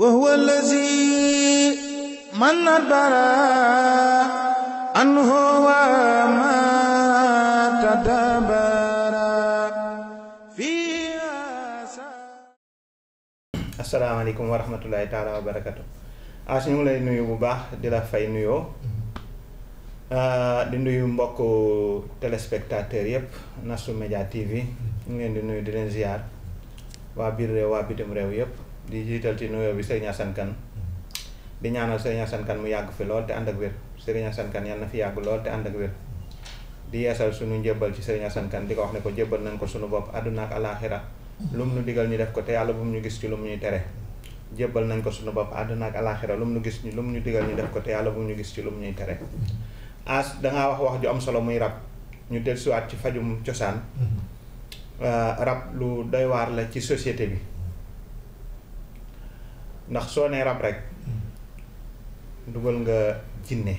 وهو الذي من أدرى أنه وما تدبر فيها السلام عليكم ورحمة الله تعالى وبركاته as ñu ngi lay nuyu bu baax di la fay nuyoo di nuyu mbokk téléspectateur yëpp Nasrou Média TV ñu ngi leen di nuyu di leen ziar waa biir réew waa bitim réew yëpp di jiital ci nuyo bi sey Assane kan di ñaanal sey Assane kan mu yàgg fi lool te ànd ak wér sey Assane kan yalla fi yàgg lool te ànd ak wér di yeesal sunu njëbbal ci sey kan di ko wax ne ko jëbbal nañ ko sunu bopp aduna ak lum nu digal ñu def ko te yàlla bu mu ñu gis ci lu ñuy tere nañ ko sunu bopp aduna ak lum nu gis ñu lum ñu digal ñu def ko te yàlla bu mu ñu gis ci lu ñuy tere as dangaa wax wax ju am solo muy rab ñu dellusiwaat ci fajum cosaan mhm. eh, rab lu doy waar la ci société bi ndax soo nee rab rek hmm. dugal nga jinne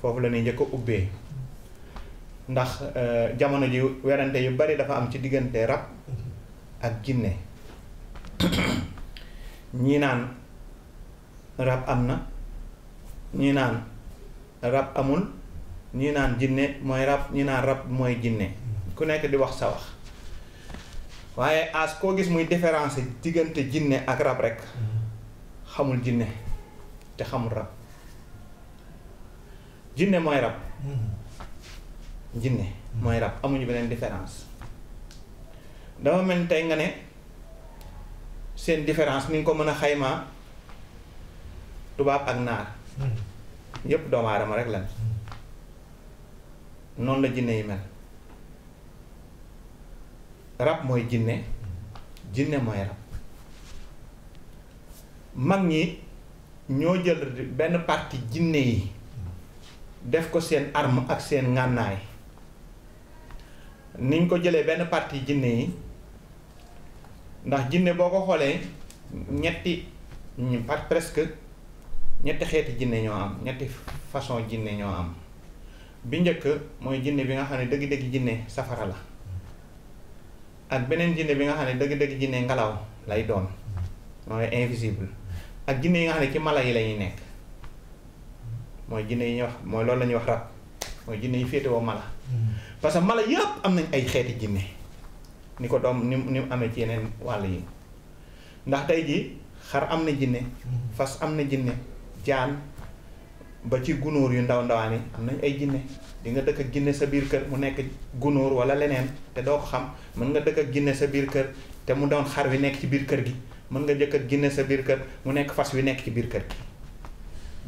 foofu la ñuy njëkk a ubbee ndax eh, jamono ji werante yu bari dafa am ci diggante rab hmm. ak jinne ñii naan rab am na ñii naan rab amul ñii naan jinne mooy rab ñii naan rab mooy jinne hmm. ku nekk di wax sa wax waaye as koo gis muy différence diggante jinne ak rab rek xamul jinne te xamul rab jinne mooy rab jinne mooy rab amuñu beneen différence dama mel tey nga ne seen différence ni nga ko mën a xaymaa tubaab ak naar hmm. yépp doomu aadama rek lan hmm. noonu la jinne yi mel rab moy jinne jinne moy rab mag ñi ñoo jël benn parti jinne yi def ko seen arme ak seen ngànnaay niñ ko jëlee benn parti jinne yi ndax jinne boo ko xoolee ñetti par presque ñetti xeeti jinne ñoo am ñetti façon jinne ñoo am bi njëkk mooy jinne bi nga xam ne dëgg jinne safara la ak beneen jinne bi nga xam ne dëgg-dëgg jinne ngelaw lay doon mooy invisible ak jinne yi nga xam ne ci mala yi lañuy nekk mooy jinne yi ñuy wax mooy loolu la ñuy wax rab mooy jinne yi féetewoo mala mm-hmm. parce que mala yëpp am nañ ay xeeti jinne ni ko doom ni ni mu amee ci yeneen wàll yi ndax tey ji xar am na jinne mm-hmm. fas am na jinne jaan ba ci gunóor yu ndaw ndawaani am nañ ay jinne di nga dëkk ak ginne sa biir kër mu nekk gunóor wala leneen te doo ko xam mën nga dëkk ak ginne sa biir kër te mu doon xar wi nekk ci biir kër gi mën nga jëkk ak sa biir kër mu nekk fas wi nekk ci biir kër gi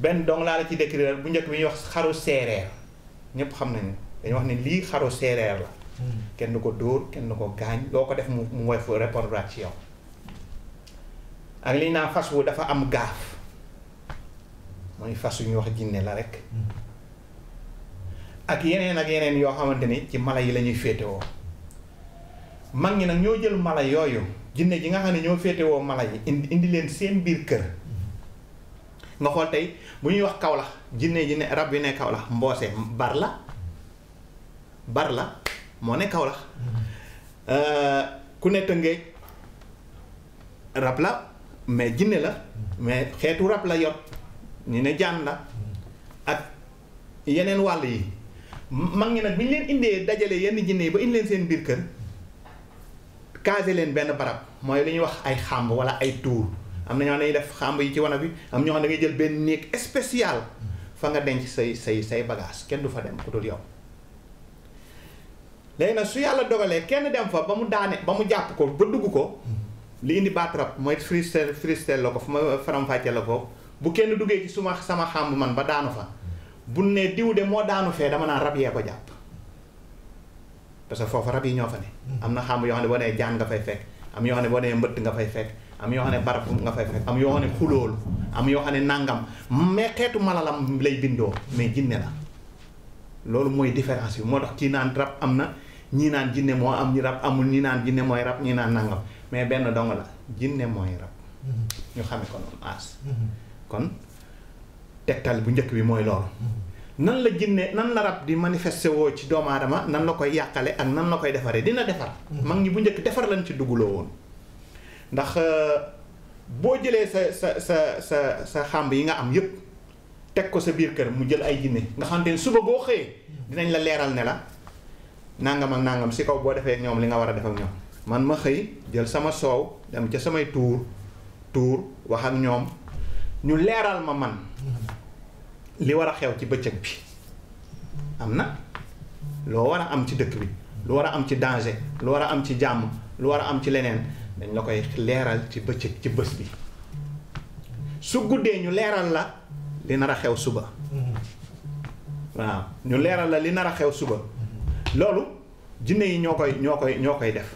benn dong laa la ci décrire bu njëkk bi ñuy wax xaru seereer ñépp xam nañu dañu wax ne lii xaru seereer la hmm. kenn du ko dóor kenn du ko gaañ loo ko def mu mu woy fu répondre ci yow ak li ñu fas wu dafa am gaaf mooy fas yu ñuy wax jinne la rek hmm. ak yeneen ak yeneen yoo xamante ni ci mala yi la ñuy féetewoo mag ñi nag ñoo jël mala yooyu jinne ji nga xam ne ñoo wo mala yi indi indi leen seen biir kër nga xool tey bu ñuy wax kawlax jinne ji ne rab yi ne kawlax mboose bar la bar la moo ne ku ne rab la mais jinne la mais xeetu rab la yor ñu ne jaan la ak yeneen wàll yi mag ñi nag bi ñu leen indee dajale yenn jinne yi ba indi leen seen biir kër casé leen benn barab mooy li ñuy wax ay xàmb wala ay tuur am na ñoo xam ne def xàmb yi ci wana bi am ñoo xam ne da jël benn néeg spécial fa nga denc say say say bagage kenn du fa dem ku dul yow. léegi nag su yàlla dogalee kenn dem fa ba mu daane ba mu jàpp ko ba dugg ko li indi baatrap mooy fristel fristel la ko fu ma faramfàccee la ko bu kenn duggee ci suma sama xàmb man ba daanu fa. bu ne diw de moo daanu fee dama naan rab yee ko jàpp parce que foofu rab yi ñoo fa ne. Hmm. am na xam yoo xam ne boo nee jaan nga fay fekk am yoo xam ne boo nga fay fekk am yoo xam ne barab nga fay fekk am yoo xam ne xuloolu am yoo xam ne nàngam mais xeetu malalam lay bindoo mais jinne la loolu mooy différence bi moo tax naan rab am na ñii naan jinne moo am ñi rab amul ñii naan jinne mooy rab ñii naan nàngam mais benn dong la jinne mooy rab hmm. ñu xamee ko noonu aas hmm. kon tegtal bu njëkk bi mooy loolu nan la jinne nan la rab di manifester wo ci doom adama nan la koy yàqale ak nan la koy defaree dina defar mm-hmm. mag ñi bu ñëk defar lañ ci dugulo won ndax euh, bo jëlé sa sa sa sa sa yi nga am yépp tek ko sa biir kër mu jël ay jinne nga xamante suba bo xé mm-hmm. dinañ la leeral né la nangam ak nangam si kaw défé ak ñom li nga wara ak ñom man ma xey jël sama soow dem ci samay tur tour wax ak ñom ñu leeral ma man mm-hmm. li war a xew ci bëccëg bi am na loo war a am ci dëkk bi lu war a am ci danger lu war a am ci jàmm lu war a am ci leneen dañ la koy leeral ci bëccëg ci bës bi su guddee ñu leeral la li nar a xew suba waaw ñu leeral la li nar a xew suba loolu jinne yi ñoo koy ñoo koy ñoo koy def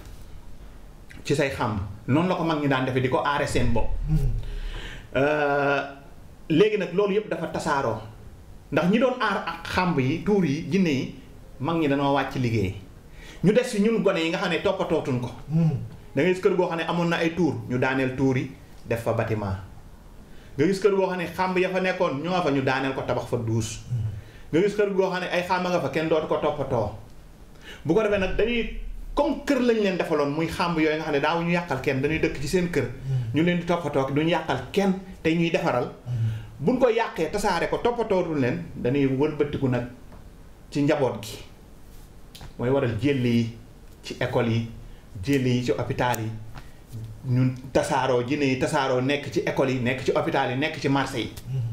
ci say xàmb noonu la ko mag ñi daan defe di ko aare seen bopp hmm. euh, léegi nag loolu yëpp dafa tasaaroo ndax ñi doon aar ak xàmb yi tuur yi jinne yi mag ñi danoo wàcc liggéey ñu des si ñun gone yi nga xam ne toppatootuñ ko hmm. da gis kër goo xam ne amoon na ay tuur ñu daaneel tuur yi def fa nga gis kër goo xam ne xàmb ya fa nekkoon ñu nga fa ñu daaneel ko tabax fa duus hmm. nga gis kër goo xam ne ay xàmb nga fa kenn dootu ko toppatoo bu ko defee nag dañuy comme kër lañ leen defaloon muy xàmb yooyu nga xam ne daawuñu yàqal kenn dañuy dëkk ci seen kër hmm. ñu leen di toppatoo duñu yàqal kenn te ñuy defaral buñ ko yàqee tasaare ko toppatootul leen dañuy wëlbatiku nag ci njaboot gi mooy waral jëll yi ci école yi jëll yi ci hôpital yi ñun tasaaroo jinne yi tasaaroo nekk ci école yi nekk ci hôpital yi nekk ci marché yi mm-hmm.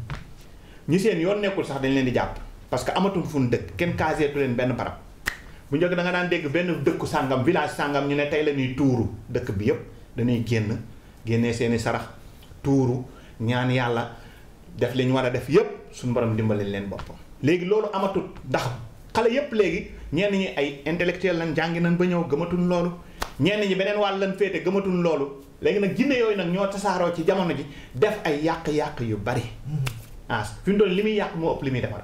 ñu seen yoon nekkul sax dañ leen di jàpp parce que amatul fu dëkk kenn kaseetu leen benn barab bu njëkk da nga daan dégg benn dëkku sàngam village sàngam ñu ne tey la ñuy tuuru dëkk bi yépp dañuy génn génnee seeni sarax tuuru ñaan yàlla def li ñu war a def yëpp suñu borom dimbali leen boppam. léegi loolu amatul dax xale yëpp léegi ñenn ñi ay intellectuel lañ jàngi nañ ba ñëw gëmatuñ loolu ñenn ñi beneen wàll lañ féete gëmatuñ loolu léegi nag jinne yooyu nag ñoo tasaaroo ci jamono ji def ay yàq-yàq yu bari mm-hmm. ah li muy yàq moo ëpp li muy defar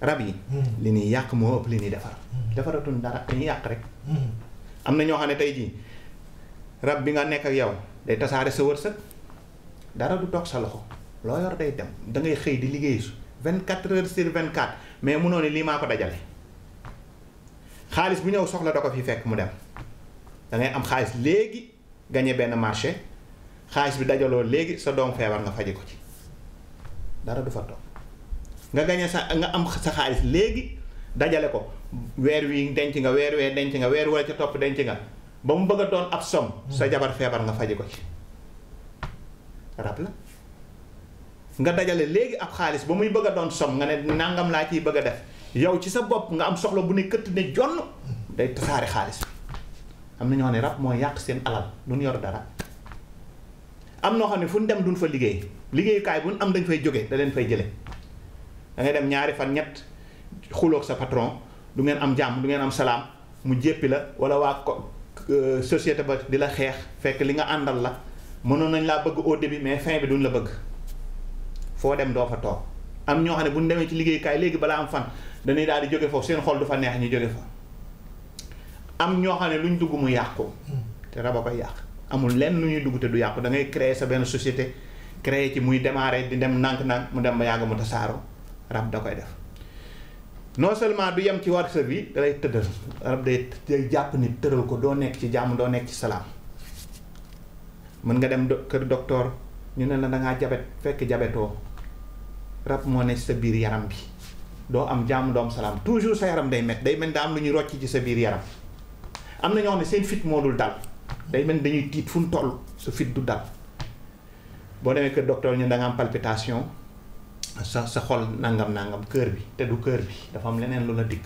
rab yi. Mm-hmm. li ñuy yàq moo ëpp li ñuy defar. Mm-hmm. defaratuñ dara dañuy yàq rek. am na ñoo xam ne tey jii rab bi nga nekk yow day tasaare sa wërsëg. dara du toog sa loxo loo yor day dem da ngay xëy di liggéey su 24 heures sur 24 mais munoo ni lii maa ko dajale xaalis bu ñëw soxla da ko fi fekk mu dem da ngay am xaalis léegi gagné benn marché xaalis bi dajaloo léegi sa doom feebar nga faje ko ci dara du fa toog nga gagné sa nga am sa xaalis léegi dajale ko weer wi denc nga weer wee denc nga weer wala ca topp denc nga ba mu bëgg a doon ab som sa jabar feebar nga faje ko ci rab la nga dajale legi ab khalis ba muy bëgg doon som nga ne nangam la ci bëgg def yow ci sa bop nga am soxlo bu ne këtt ne jonn day tassari khalis am na ñoo ne rab mo yàq seen alal ñu yor dara am no xamni fu dem duñ fa liggéey liggéeyukaay bu am dañ fay joggé da leen fay jëlé da ngay dem ñaari fan ñet xulok sa patron du ngeen am jam. du ngeen am salam. mu jéppi la wala wa euh, société ba di la xeex li nga andal la mënoon nañ laa bëgg au début mais fin bi duñu la bëgg foo dem doo fa toog am ñoo xam ne bu ñu demee ci liggéeykaay léegi balaa am fan dañuy daal di jóge foofu seen xol du fa neex ñu jóge fa am ñoo xam ne luñ dugg mu yàqu te rab a koy yàq amul lenn lu ñuy dugg te du yàqu da ngay créer sa benn société crée ci muy démarrer di dem nànk-nànk mu dem ba yàgg mu tasaaroo rab da koy def non seulement du yem ci war sa bi da lay tëddal rab day jàpp nit tëral ko doo nekk ci jàmm doo nekk ci salaam. mën nga dem kër docteur ñu ne la da ngaa jabet fekk jabetoo rab moo ne sa biir yaram bi doo am jàmm doom salam salaam toujours sa yaram day met day mel da am lu ñu rocc ci sa biir yaram am na ñoo ne seen fit moo dul dal day mel dañuy tiit fu toll sa fit du dal boo demee kër docteur ñu da nga am palpitation sa sa xol nangam nangam kër bi te du kër bi dafa am leneen lu la dikk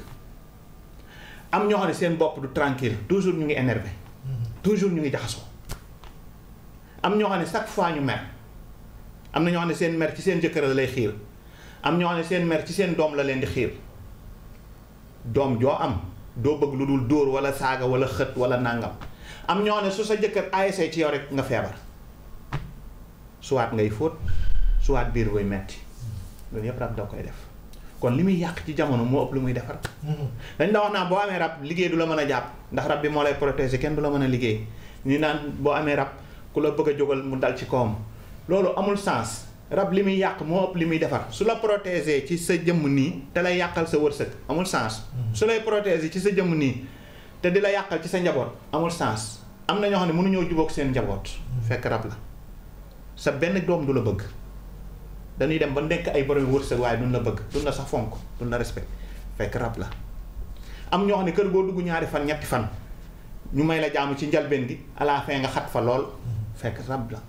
am ñoo xam ne seen bopp du tranquille toujours ñu ngi énervé mm-hmm. toujours ñu ngi jaxasoo am ñoo xam ne chaque fois ñu mer am na ñoo xam ne seen mer ci seen jëkkër la lay xiir am ñoo xam ne seen mer ci seen doom la leen di xiir doom joo am doo bëgg lu dul dóor wala saaga wala xët wala nàngam am ñoo xam ne su sa jëkkër ASC ci yow rek nga feebar soit ngay fóot biir way metti loolu yëpp rab da koy def kon li muy yàq ci jamono moo ëpp lu muy defar dañ la wax naa boo amee rab liggéey du la mën a jàpp ndax rab bi moo lay protéger kenn du la mën a liggéey ñu naan boo amee rab ku la bëgg a jógal mu dal ci koom loolu amul sens rab limi muy yàq moo ëpp li muy defar su la protéger ci sa jëmm nii te lay yàqal sa wërsëg amul sens su lay protéger ci sa jëmm nii te di la ci sa njaboot amul sens am na ñoo xam ne mënuñoo jubóog seen njaboot fekk rab la sa benn doom du la bëgg dañuy dem ba nekk ay borom wërsëg waaye duñ la bëgg duñ la sax fonk duñ la respect fekk rab la am ñoo xam ne kër goo dugg ñaari fan ñetti fan ñu may la jaamu ci njalbeen gi à nga xat fa lool fekk rab la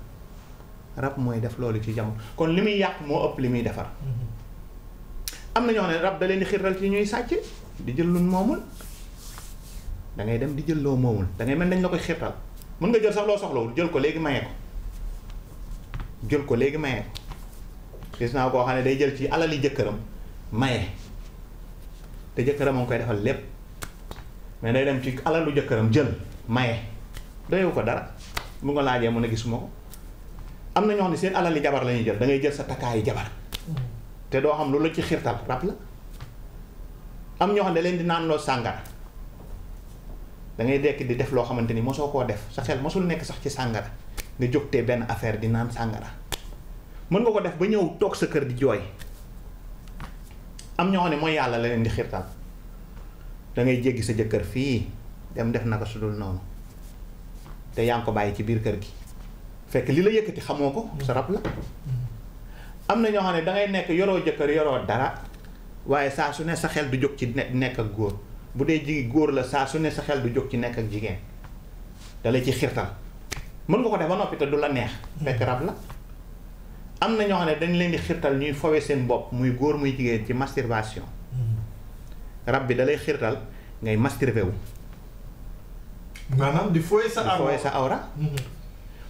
rab mooy def loolu ci jamono kon li muy yàq moo ëpp li muy defar mm-hmm. am na ñoo xam ne rab da leen di xirtal ci ñuy sàcc di jël luñ moomul da dem di jël loo moomul dangay ngay mel nañ la ko xirtal mën nga jël sax soxlawul jël ko léegi maye ko jël léegi maye ko naa koo xam ne day jël ci alali jëkkëram maye te jëkkëram a ngi koy defal lépp mais day dem ci alalu jëkkëram jël maye doyewu ko dara mu nga laajee mu ne gis ko am na ñoo xam ne seen alali jabar la ñuy jël da ngay jël sa takkaayi jabar te doo xam lu la ci xirtal rab la am ñoo xam ne leen di naan loo sàngara da ngay dekk di def loo xamante ni mosoo koo def sa xel mosul nekk sax ci sàngara nga jógtee benn affaire di naan sàngara mën nga ko def ba ñëw toog sa kër di jooy am ñoo xam ne mooy yàlla la leen di xirtal da ngay jéggi sa jëkkër fii dem def naka sudul te yaa ko bàyyi ci biir kër gi fekk li la yëkkati xamoo ko sa rab la am na ñoo xam ne dangay nekk yoroo jëkkër yoroo dara waaye saa su ne sa xel du jóg ci nekk ak góor bu dee jigi góor la saa su ne sa xel du jóg ci nekk ak jigéen da la ci xirtal mën nga ko def ba noppi te du la neex fekk rab la am na ñoo xam ne dañ leen di xirtal ñuy fowe seen bopp muy góor muy jigéen ci masturbation hmm. rab bi da lay xirtal ngay masturbé wu manam di fooy sa aura di fooy sa aura mën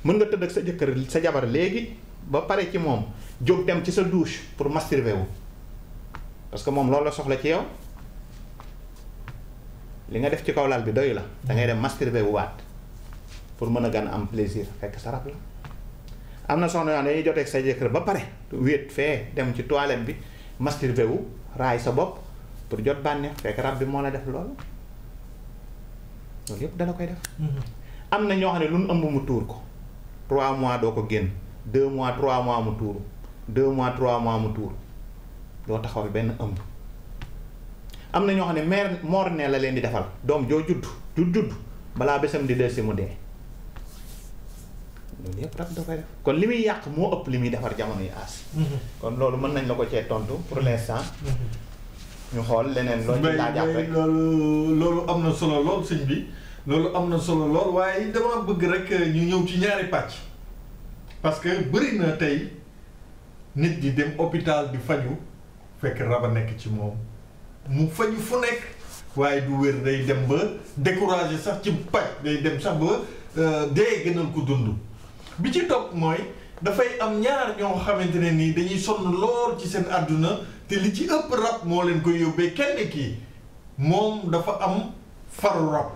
mm-hmm. nga tëdd ak sa jëkkër sa jabar léegi ba pare ci moom jóg dem ci sa douche pour masturber wu parce que moom loolu la soxla ci yow li nga def ci kaw laal bi doy la da ngay dem masturber wu waat pour mën a gan am plaisir fekk sa rab la. am na soxna yoo dañuy joteeg sa jëkkër ba pare wéet fee dem ci toilette bi masturber wu raay sa bopp pour jot bànneex fekk rab bi moo la def loolu loolu yëpp dana koy def. Mm-hmm. am na ñoo xam ne lu ëmb mu tuur ko. 3 mois doo ko génn 2 mois 3 mois mu tuuru 2 mois 3 mois mu tuuru doo taxawal benn ëmb. am na ñoo xam ne mère mor ne la leen di defal doom joo judd judd judd balaa bésam di dellusi mu dee loolu yëpp rab da koy def kon li muy yàq moo ëpp li muy defar jamono yi aas. Mm-hmm. kon loolu mën nañ la ko cee tontu pour l'instant. Mm-hmm. ñu xool leneen loo ci rek loolu loolu am na solo lool sëñ bi loolu am na solo lool waaye dama bëgg rek ñu ñëw ci ñaari pàcc parce que bëri na tey nit di dem hôpital di faju fekk rab a nekk ci moom mu faju fu nekk waaye du wér day dem ba découragé sax ci paj day dem sax ba euh, dee gënal ko dund bi ci topp mooy dafay am ñaar ñoo xamante ne nii dañuy sonn lool ci seen àdduna te li ci ëpp rab moo leen koy yóbbee kenn kii moom dafa am faru rab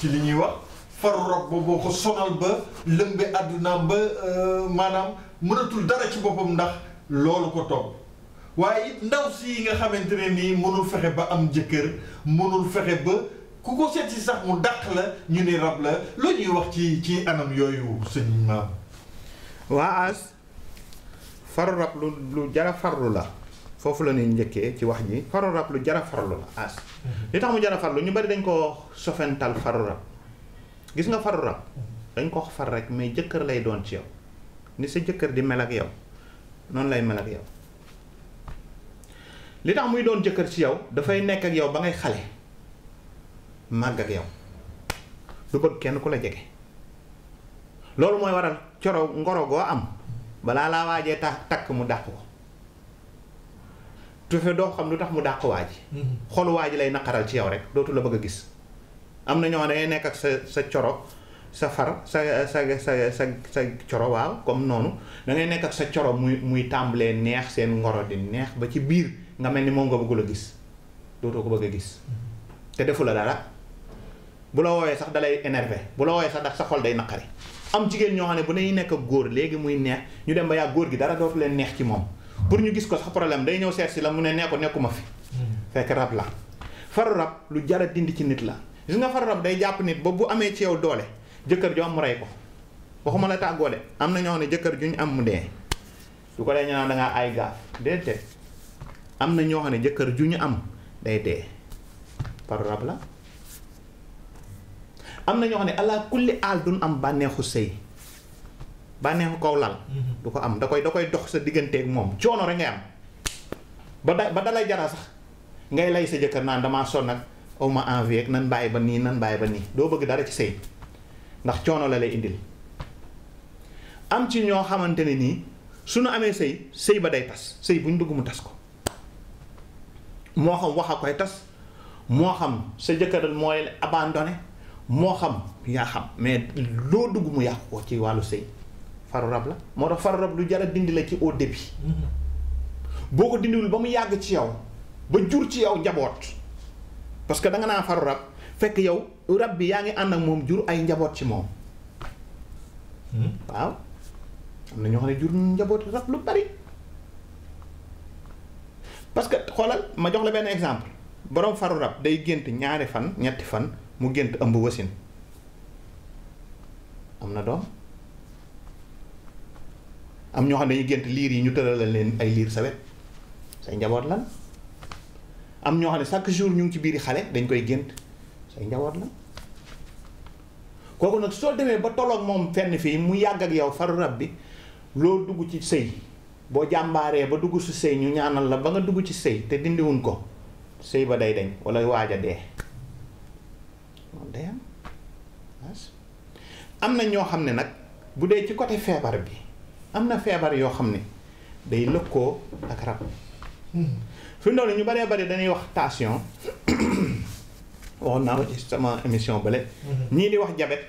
ci li ñuy wax faru rab boo ko sonal ba lëmbe àdduna ba euh, maanaam mënatul dara ci boppam ndax loolu ko topp waaye it ndaw si nga xamante ne nii mënul fexe ba am jëkkër mënul fexe ba ku ko seet si sax mu dàq la ñu ne rab la loo ñuy wax ci ci anam yooyu sëñ maam waa as faru rab lu jara farlu la fofu la ñuy ñëkke ci wax ji faru rap lu jara farlu la as li tax mu jara farlu ñu bari dañ ko sofental faru rap. gis nga faru rap? dañ ko far rek mais jëkkër lay doon ci yow ni sa di mel ak yow non lay mel ak yow li tax muy doon jëkkër ci yow fay nekk ak yow ba ngay xalé mag ak yow du bëgg kenn ku la loolu moy waral coro ngoro go am bala la waajee tak mu tu fe doo xam lu tax mu dàq waa ji mm-hmm. xolu waa ji lay naqaral ci yow rek dootu la bëgg a gis am na ñoo ne nekk ak sa sa coro sa far sa sa sa sa sa coro waaw comme noonu da ngay nekk ak sa coro muy muy tàmbalee neex seen ngoro di neex ba ci biir nga mel ni moom nga bëggul a gis dootoo ko bëgg a gis mm-hmm. te defu la dara bu la wooyee sax dalay énervé bu la wooyee sax ndax sa xol day naqari am jigéen ñoo xam ne bu nañu nekk ak góor léegi muy neex ñu dem ba yaa góor gi dara dootu leen neex ci moom pour ñu gis ko sax problème day ñëw seet si la mu ne nee ko nekkuma fi hmm. fekk rab la faru rab lu jar a dindi ci nit la gis nga faru rab day jàpp nit ba bu amee ci yow doole jëkkër ju am mu rey ko waxuma la tàggoo de am na ñoo ne jëkkër ju ñu am mu dee su ko dee ñu ay gaaf am na ñoo xam ne jëkkër ju ñu am day dee faru rab la am na ñoo xam ne allah kulli aal duñ am bànneexu sëy bànneexu kaw lal mhm. du ko am da koy da koy dox sa diggante digganteeg moom coono rek ngay am ba da ba dalay jara sax ngay lay sa jëkkër naan damaa sonn ak aw ma envie ak nan bàyyi ba nii nan bàyyi ba nii doo bëgg dara ci sëy ndax coono la lay indil am ci ñoo xamante ne nii suñu amee sëy sëy ba day tas sëy buñ dugg mu tas ko moo xam wax a koy tas moo xam sa jëkkëral mooy abandonné moo xam yaa xam mais loo dugg mu yàqu ko ci wàllu sëy faru rab la mo tax faru rab lu jara dindi la ci au début boko dindi wul ba yag ci yow ba jur ci yow njaboot parce que da nga na faru rab fekk yow rab bi yaangi and ak mom jur ay njaboot ci mom hmm? waaw am na ñu xam jur njaboot rab lu bari parce que xolal ma jox la ben exemple borom faru rab day gént ñaari fan ñetti fan mu gént ëmb wasin amna doom am ñoo xam ne dañuy gént liir yi ñu tëralal leen ay liir sawet say njaboot lan am ñoo xam ne chaque jour ñu ngi ci biir xale dañ koy gént say njaboot lan nag soo demee ba tolloog moom fenn fii mu yàgg ak yow faru bi loo dugg ci sëy boo jàmbaaree ba dugg si sëy ñu ñaanal la ba nga dugg ci sëy te dindiwuñ ko sëy ba day dañ wala waaj a dee moom am na ñoo xam ne nag bu dee ci côté feebar bi am na feebar yoo xam ne day lëkkoo ak rab fi mu ñu baree bari dañuy wax tension waxoon naa ko ci sama émission bale mhm. ñii di wax jabet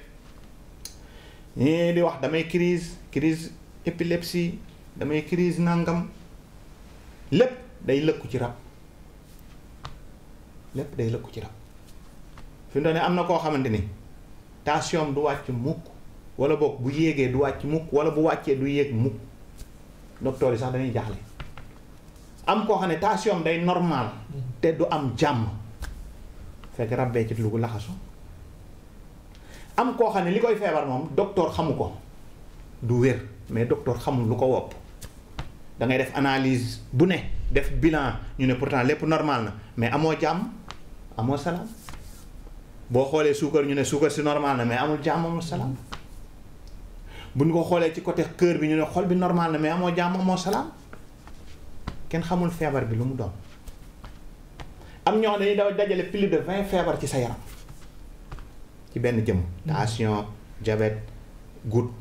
ñii di wax damay crise crise épilepsie damay crise nangam lépp day lëkku ci rab lépp day lëkku ci rab fi mu am na koo xamante ni tension du wàcc mukk wala boog bu yéegee du wàcc mukk wala bu wàccee du yéeg mukk docteur yi sax dañuy jaaxle am koo xam ne tension day normal te du am jàmm fekk rab bee ci dugg laxasu am koo xam ne li koy feebar moom docteur xamu ko du wér mais docteur xamul lu ko wopp da ngay def analise bu ne def bilan ñu ne pourtant lépp normal na mais amoo jàmm amoo salaam boo xoolee suukar ñu ne suukar si normal na mais amul jàmm amul salaam buñ ko xolé ci côté cœur bi ñu ne xol bi normal na mais amo jamm mo salam ken xamul fièvre bi lu mu doon am ñoo dañuy daw dajalé plus de 20 fièvre ci sa yaram ci benn jëm tension diabète goutte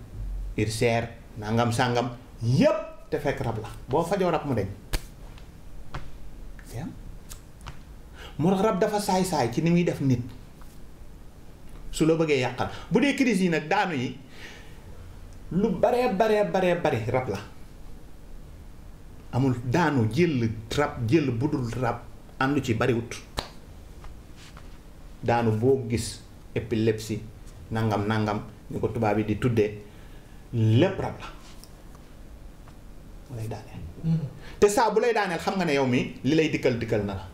ulcère nangam sangam yépp te fekk rab la bo fajo rab mu deñ moo tax rab dafa say say ci ni muy def nit su lo bëggee yàqal bu dee crise yi nag daanu yi lu bare baree baree bare rab la amul daanu jël rab jël bu dul rab am lu ci bariwut daanu boo gis épilepsie nangam nangam ñu ko tubaab yi di tuddee lépp rab la mm-hmm. te saa bu lay daaneel xam nga ne yow mi li lay dikkal dikkal na la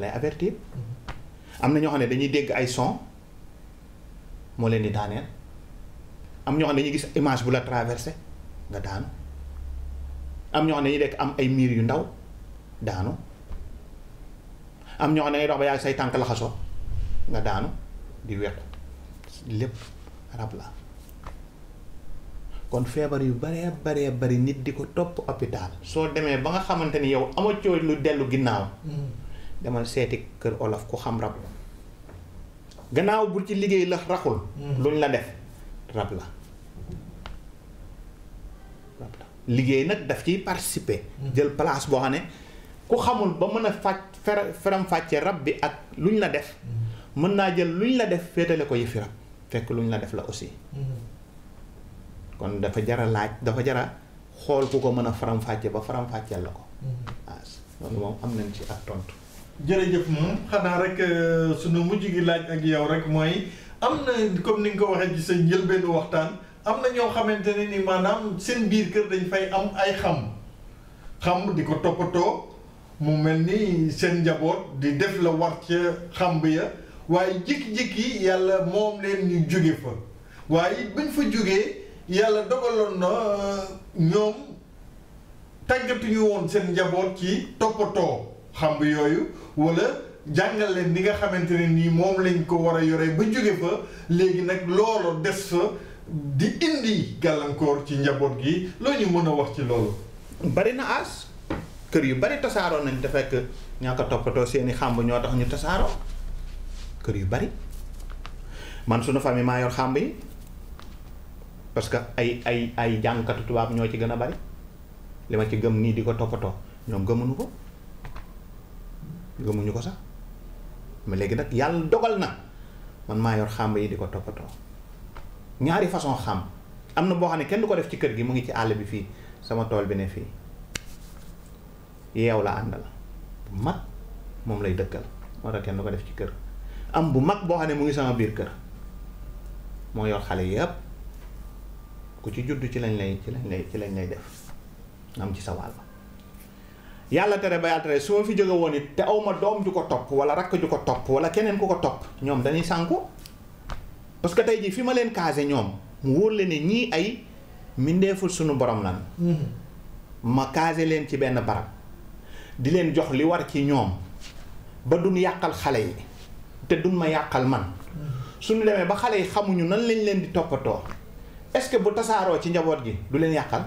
da lay mm-hmm. am na ñoo xam ne dañuy dégg ay son moo leen di daaneel am ñoo xam ne gis image bu la traverser nga daanu am ñoo xam ñi rek am ay miir yu ndaw daanu am ñoo xam ne dox ba yàgg say la laxasoo nga daanu di wéx lépp rab la kon feebar yu bare bare bare nit di ko topp hôpital soo demee ba nga xamante ni yow ama coo lu dellu ginnaaw mm. demal seeti kër olaf ku xam rab gannaaw bu ci liggéey la raxul mm. luñ la def rab la rab la liggéey nag daf ciy participer jël place boo xam ne ku xamul ba mën a feram fàcce rab bi ak luñ la def mën naa jël luñ la def féetale ko yëfi rab fekk luñ la def la aussi kon dafa jara laaj dafa jara xool ku ko mën a faram-fàcce ba faram-fàcceel la ko waaw ah, loolu moom am nañ ci ak tontu jërëjëf moom xanaa rek euh, sunu mujj gi laaj ak yow rek mooy am na comme ni nga ko waxee ci sa njëlbeenu waxtaan am na ñoo xamante ne nii maanaam seen biir kër dañ fay am ay xam xam di ko toppatoo mu mel ni seen njaboot di def la wax ca xam ya waaye jékki-jékki yàlla moom leen ñu jóge fa waaye it bañ fa jógee yàlla dogaloon na euh, ñoom tàggatuñu woon seen njaboot ci toppatoo xam yooyu wala. jàngal leen ni nga xamante ne nii moom lañ ko war a yoree ba jóge fa léegi nag loolu des fa di indi gàllankoor ci njaboot gi loo ñu mën a wax ci loolu. bari na as kër yu bari tasaaroo nañ te fekk ñàkk a toppatoo seeni xàmb ñoo tax ñu tasaaroo kër yu bari man suñu famille maa yor xàmb yi parce que ay ay ay jàngkatu tubaab ñoo ci gën a bari li ma ci gëm nii di ko toppatoo ñoom gëmuñu ko gëmuñu ko sax mais léegi nag dogal na man maa yor xàmb yi di ko toppatoo ñaari façon xam am na boo xam ne kenn du ko def ci kër gi mu ngi ci àll bi fii sama tool bi ne fii yeew la àndal bu mag moom lay dëkkal moo tax kenn du def ci kër am bu mag boo xam ne ngi sama biir kër moo yor xale yépp ku ci judd ci lañ lay ci lañ lay ci lañ lay def am ci sa wàll yàlla tere ba yàlla tere su ma fi jóge woon it te awma doom ju ko topp wala rakk ju ko topp wala keneen ku ko topp ñoom dañuy sànku parce que tey jii fi ma leen casé ñoom mu wóor la ne ñii ay mbindeeful suñu borom lan mm-hmm. ma casé leen ci benn barab di leen jox li war ci ñoom ba duñ yàqal xale yi te duñ ma yàqal man mm-hmm. suñu demee ba xale yi xamuñu nan lañ leen di toppatoo est-ce que bu tasaaroo ci njaboot gi du leen yàqal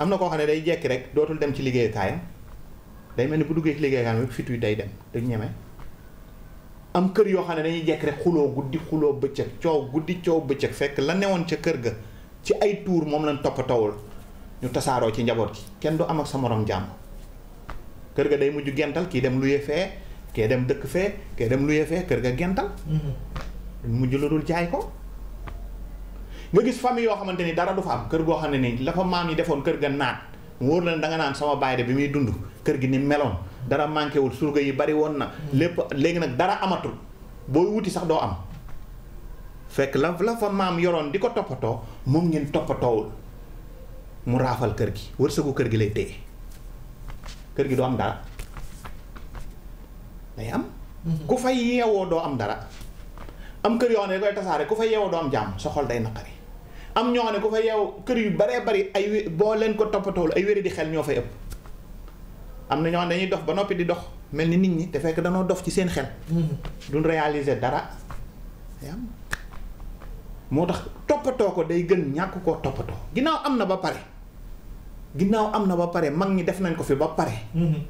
am na koo xam ne day jekki rek dootul dem ci liggéeyukaayam day mel ni bu duggee ci liggéeyukaayam rek fitu day dem du ñeme am kër yoo xam ne dañuy jekk rek xuloo guddi xuloo bëccëg coow guddi coow bëccëg fekk la newoon ca kër ga ci ay tuur moom lañ toppatoowul ñu tasaaroo ci njaboot ji kenn du am ak sa moroom jàmm kër ga day mujj gental kii dem luye fee kee dem dëkk fee kee dem luye fee kër ga gental mm-hmm. mujj lu dul jaay ko nga gis famille yoo xamante ni dara du fa am kër goo xam ne nii la fa maam yi defoon kër ga naat wóor la da danga naan sama baay de bi muy dund kër gi ni meloon dara manqué wul surga yi bari woon na hmm. lépp léegi nag dara amatul boo wuti sax doo am fekk la la fa maam yoroon di ko toppatoo moom ngeen toppatoowul mu raafal kër gi wërsëgu kër gi lay téye kër gi doo am dara day am hmm. ku fay yeewoo doo am dara am kër yoo xam ne koy tasaare ku fa yeewoo doo am jàmm day naqari am ñoo xam ne ku fa yeew kër yu baree bari ay boo leen ko toppatool ay wéri di xel ñoo fay ëpp am na ñoo xam ne dañuy dox ba noppi di dox mel ni nit ñi te fekk danoo dof ci seen xel mm-hmm. duñ réaliser dara moo tax toppatoo ko day gën ñàkk koo toppatoo ginnaaw am na ba pare ginnaaw am na ba pare mag ñi def nañ ko fi ba pare mm-hmm.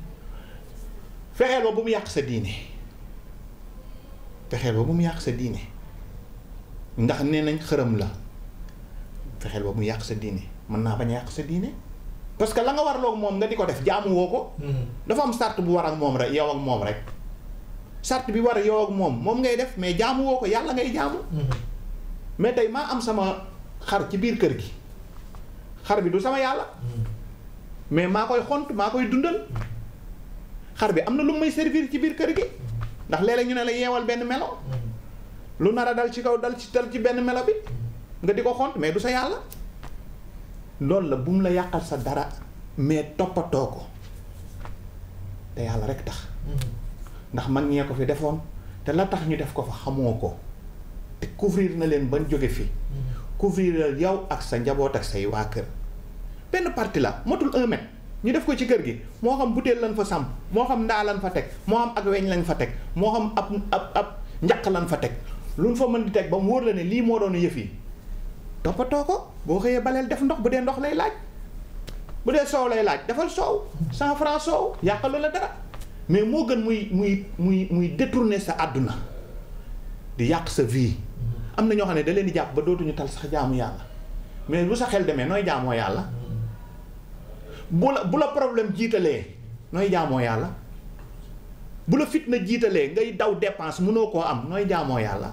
fexeel ba bu mu yàq sa diine fexeel ba bu mu yàq sa diine ndax ne nañ xërëm la fexeel ba mu yak sa diine man na bañ ñak sa diine parce que la nga lo mom nga diko def jaamu woko hmm. dafa am start bu war ak mom rek yow iya ak mom rek start bi war yow ak mom mom ngay def mais jaamu woko yalla ngay jaamu mais hmm. tay ma am sama xar ci biir kër gi xar bi du sama yalla mais hmm. ma koy xont ma koy dundal xar bi am lu may servir ci biir kër gi ndax lélé ñu né la yéwal ben melo lu nara dal ci kaw dal ci dal ci ben melo bi nga di ko xont mais du sa yàlla loolu la bu la yàqal sa dara mais toppatoo ko te yàlla rek tax ndax mag ñee ko fi defoon te la tax ñu def ko fa xamoo ko te couvrir na leen ban jóge fi couvrir yow ak sa njaboot ak say waa kër benn parti la motul un mètre ñu def ko ci kër gi moo xam lañ fa sam moo xam ndaa lañ fa teg moo xam ak weñ lañ fa teg moo xam ab ab ab njaq lañ fa teg luñ fa mën di teg ba mu wóor la ne lii moo doon yëf toppatoo ko boo xëyee baleel def ndox bu dee ndox lay laaj bu dee soow lay laaj defal soow cent franc soow yàqalu la dara mais moo gën muy muy muy muy détourner sa àdduna di yàq sa vie am na ñoo xam ne da leen di jàpp ba dootuñu tal sax jaamu yàlla mais bu sa xel demee nooy jaamoo yàlla bu la bu la problème jiitalee nooy jaamoo yàlla bu la fitna jiitalee ngay daw dépense mënoo koo am nooy jaamoo yàlla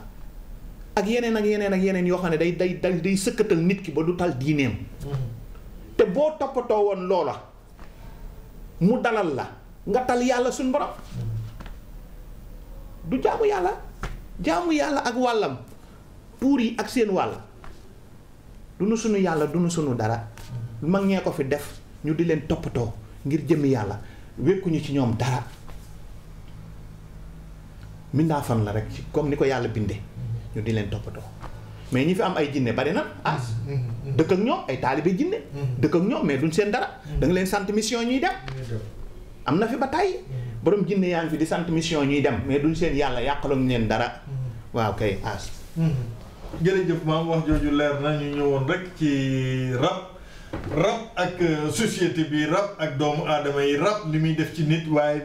ak yeneen ak yeneen ak yeneen yoo xam ne day day day sëkkatal nit ki ba du tal diineem te boo toppatoo woon loola mu dalal la nga tal yàlla suñ borom du jaamu yàlla jaamu yàlla ak wàllam buur yi ak seen wàll du nu sunu yàlla du nu sunu dara mag ñee ko fi def ñu di leen toppatoo ngir jëmm yàlla wékkuñu ci ñoom dara mbindaa la rek comme ni ko yàlla binde ñu di leen toppatoo mais ñi fi am ay jinne bari na ah mm-hmm. dëkk ak ñoom ay taalibe jinne mm-hmm. dëkk ak ñoom mais duñ seen dara mm-hmm. da leen sant mission ñuy dem am na fi ba tey borom jinne yaa ngi fi di sant mission ñuy dem mais duñ seen yàlla yàqaloon leen dara waaw kay as jërëjëf maam wax jooju leer na ñu ñëwoon rek ci rab rab ak euh, société bii rab ak doomu aadama yi rab li muy def ci nit waaye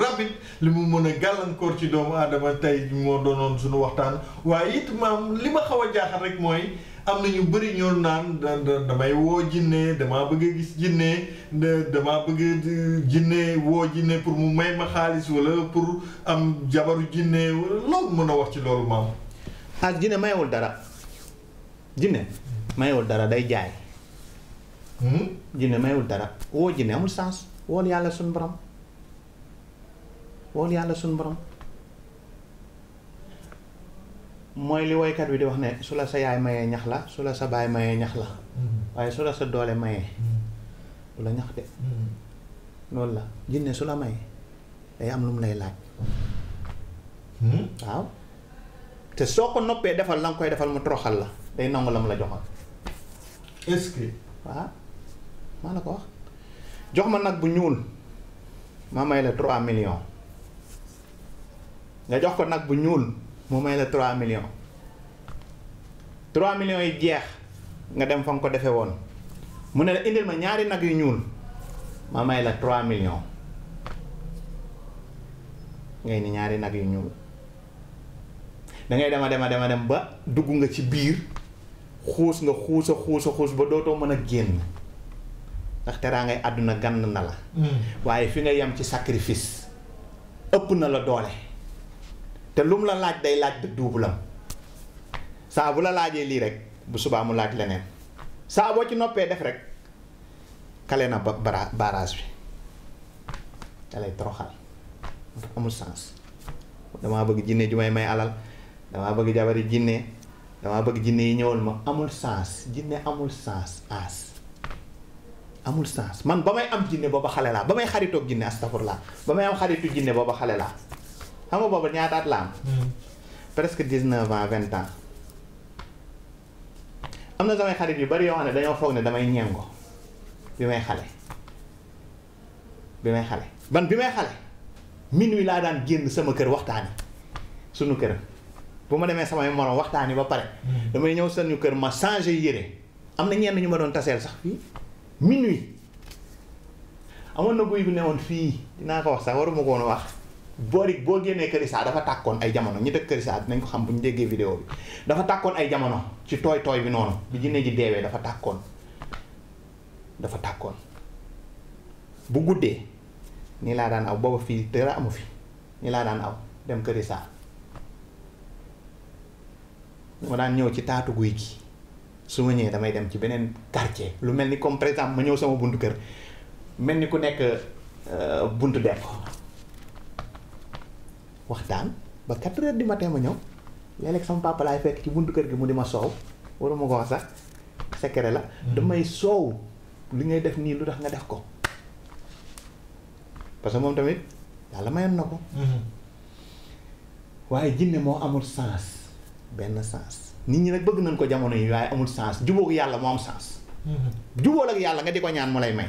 rab li mu mën a gàllankoor ci doomu aadama tey moo doonoon suñu waxtaan waaye it maam li ma xaw a jaaxal rek mooy am na ñu bëri ñoo naan damay woo jinne dama bëgg gis jinne dama bëgg euh, jinne woo jinne pour mu may ma xaalis wala pour am jabaru jinne loolu mën a wax ci loolu maam. ak ah, jinne mayewul dara jinne mayewul dara day jaay. jinne mayul dara woo jinne amul sens wool yàlla suñ borom wool yàlla suñ borom mooy li woykat wi di wax ne su la sa yaay mayee ñax la su la sa baay mayee ñax la waaye su la sa doole mayee du la ñax de loolu la jinne su la mayee day am lu mu lay laaj waaw te soo ko noppee defal la nga koy defal mu troxal la day nangu la mu la joxoon waaw maa la ko wax jox ma nag bu ñuul ma may la 3 millions nga jox ko nag bu ñuul mu may la 3 millions 3 millions yi jeex nga dem fa nga ko defee woon mu ne la indil ma ñaari nag yu ñuul ma may la 3 millions ngay ni ñaari nag yu ñuul da ngay dema dema dema dem ba dugg nga ci biir xuus nga xuus a xuus a xuus ba dootoo mën a génn ndax ngay aduna gan na la hmm. waye fi ngay yam ci sacrifice ëpp na la doole té lum la laaj day laaj de doublam sa bu la laajé li rek bu suba mu laaj leneen sa bo ci noppé def rek kalé na barrage bi dalay toroxal amul sens dama bëgg jinné ju may may alal dama bëgg jabari jinné dama bëgg jinné yi ma amul sens jinné amul sens as amul sens man ba may am jinne booba xale laa ba may xaritoog jinne astafurlaa ba may am xaritu jinne booba xale laa xam nga booba ñaataat at la am. Hmm. presque dix neuf ans vingt ans. am na samay xarit yu bari yoo xam ne dañoo foog ne damay ko bi may xale bi may xale ban bi may xale minuit laa daan génn sama kër waxtaani sunu kër bu ma demee samay morom waxtaani ba pare hmm. damay ñëw seen ñu kër ma changé yére am na ñeen ñu ma doon taseel sax fii. minuit amoon na guy bi newoon fii dinaa ko wax sax waruma ko woon a wax boori boo génnee Kërissa dafa tàkkoon ay jamono ñi dëkk Kërissa dinañ ko xam bu ñu déggee vidéo dafa tàkkoon ay jamono ci tooy tooy bi noonu bi jinne ji deewee dafa tàkkoon dafa tàkkoon bu guddee nii laa daan aw booba fii dara amu fi nii laa daan aw dem Kërissa ma daan ñëw ci taatu guy gi su ma damay dem ci benen quartier lu melni comme par exemple ma ñew sama buntu kër melni ni ku nekk eh, buntu dem waxtaan ba 4 h du matin ma ñew léeg sama papa lay fekk ci buntu kër gi mu di ma soow waru mako wax sax secret la damay soow li ngay def ni lu tax nga def ko parce que mom tamit yalla mayoon nako ko hmm. waaye jinne mo amul sens ben sens nit ñi nag bëgg nañ ko jamono yi waaye amul sance jubóog yàlla moo am sens. Mm-hmm. jubóol yàlla nga di ko ñaan mu lay may.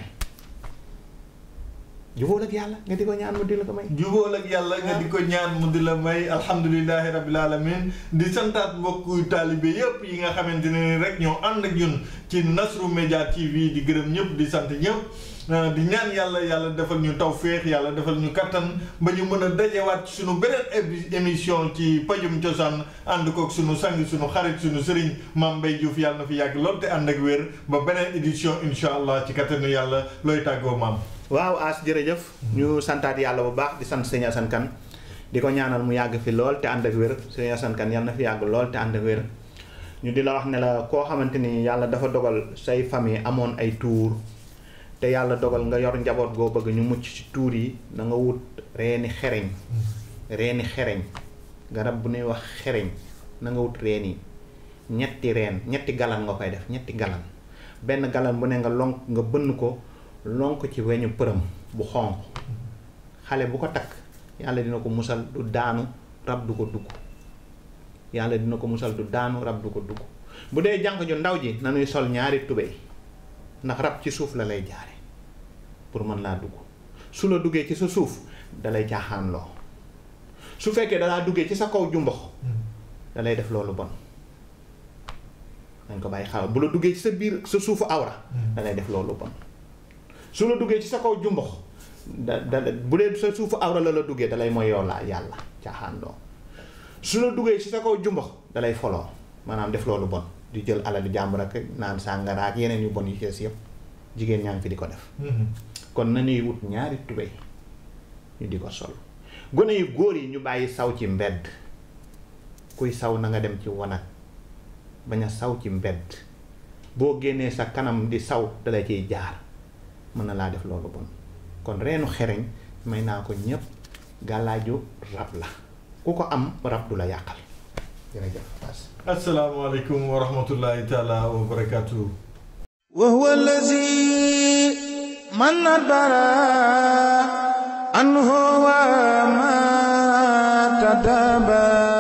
jubóol ak yàlla nga di ko ñaan mu di la ko may. jubóol ak yàlla nga di ko ñaan mu di la may alhamdulilahi rabil alamin di santaat mbokku taalibe yëpp yi nga xamante ne rek ñoo ànd ak ñun ci Nasrou Média TV di gërëm ñëpp di sant ñëpp. Euh, di ñaan yàlla yàlla defal ñu tawféex yàlla defal ñu kattan ba ñu mën a dajewaat suñu beneen émission ci pajum cosaan ànd kook suñu sang suñu xarit suñu sëriñ Mame Mbaye Diouf yàlla na fi yàgg lool te ànd ak wér ba beneen édition incha allah ci kattanu yàlla looy tàggoo maam. waaw as jërëjëf. ñu santaat yàlla bu baax di sant sëñ di ko ñaanal mu yàgg fi lool te ànd ak wér sëñ Assane Kane fi yàgg lool te ànd ak wér ñu di wax ne koo xamante ni yàlla dafa dogal say fami amoon ay tuur te yàlla dogal nga yor njaboot goo bëgg ñu mucc ci tuur yi na nga wut reeni xereñ reeni xereñ garab bu ñuy wax xereñ na nga wut reen yi ñetti reen ñetti galan nga koy def ñetti galan benn galan bu ne nga lonk nga bënn ko lonk ci weñu përëm bu xonk xale bu ko takk yàlla dina ko musal du daanu rab du ko dugg yàlla dina ko musal du daanu rab du ko dugg bu dee jànq ju ndaw ji nanuy sol ñaari tubey ndax rab ci suuf la lay jaare pour man la dugg su la duggé ci sa suuf dalay caaxaan lo su da la duggé ci sa kaw jumbox dalay def lolu bon dañ ko bay xalaat bu la duggé ci sa bir sa souf awra dalay def lolu bon su la duggé ci sa kaw jumbox da da bu dee sa souf awra la la duggee dalay moy yo la yalla caaxaan lo su la duggé ci sa kaw jumbox dalay folo manam def lolu bon di jël alal ak nan sangara ak yeneen yu bon yi ci yépp jigen ñang fi def mm-hmm. kon nañuy wut ñaari tubéy ñu di ko sol gone yu góor yi ñu bàyyi saw ci mbedd kuy saw nanga dem ci wanag bañ saw ci mbedd boo génnee sa kanam di saw dala ciy jaar mën na laa def loolu bon kon reenu xereñ may naa ko ñépp gàllaaju rab la ku ko am rab du la yàqal jërëjëf asalaamaaleykum wa rahmatullahi taala wa barakaatu من نبرا أنه وما تدبر